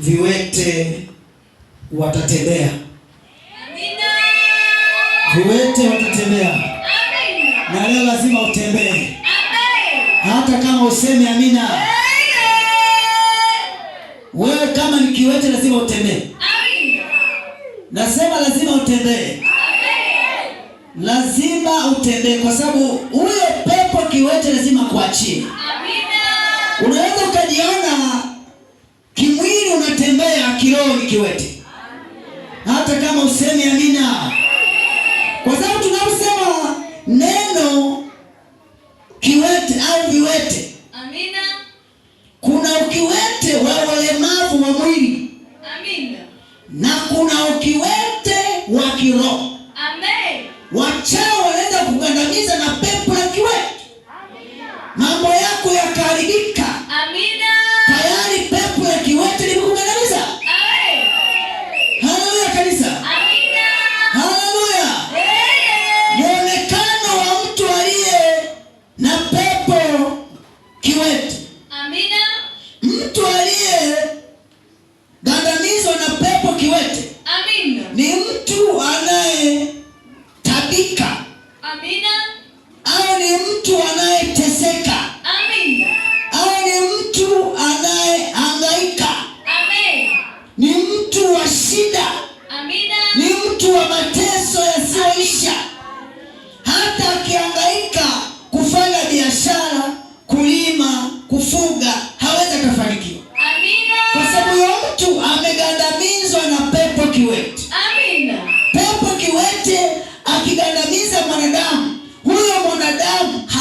viwete watatembea, viwete watatembea. Na leo lazima utembee, hata kama useme amina. Wewe kama ni kiwete, lazima utembee. Nasema lazima utembee, lazima utembee, kwa sababu huyo pepo kiwete lazima kuachie. Unaweza ukajiona Kiwete, hata kama usemi amina, kwa sababu tunaposema neno kiwete au viwete, amina, kuna ukiwete wa walemavu wa mwili, amina, na kuna ukiwete wa kiroho, amen. Wachao wanaweza kukandamiza na pepo la kiwete, amina, mambo yako yakaharibika mtu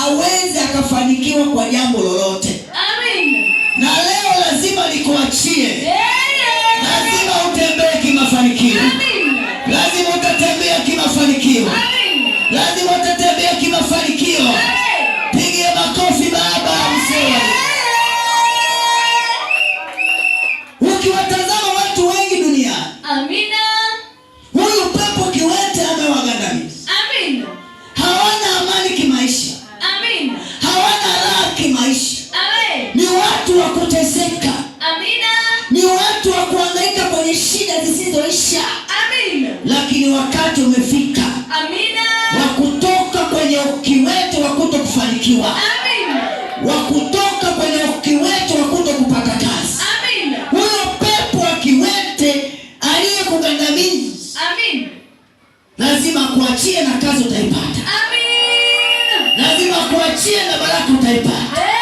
hawezi akafanikiwa kwa jambo lolote. kuangaika kwenye shida zisizoisha. Lakini wakati umefika. Wa kutoka kwenye ukiwete wa kuto kufanikiwa. Wa kutoka kwenye ukiwete wa kuto kupata kazi. Huyo pepo wa kiwete aliyekukandamiza. Amina. Lazima kuachie na kazi utaipata. Lazima kuachie na baraka utaipata.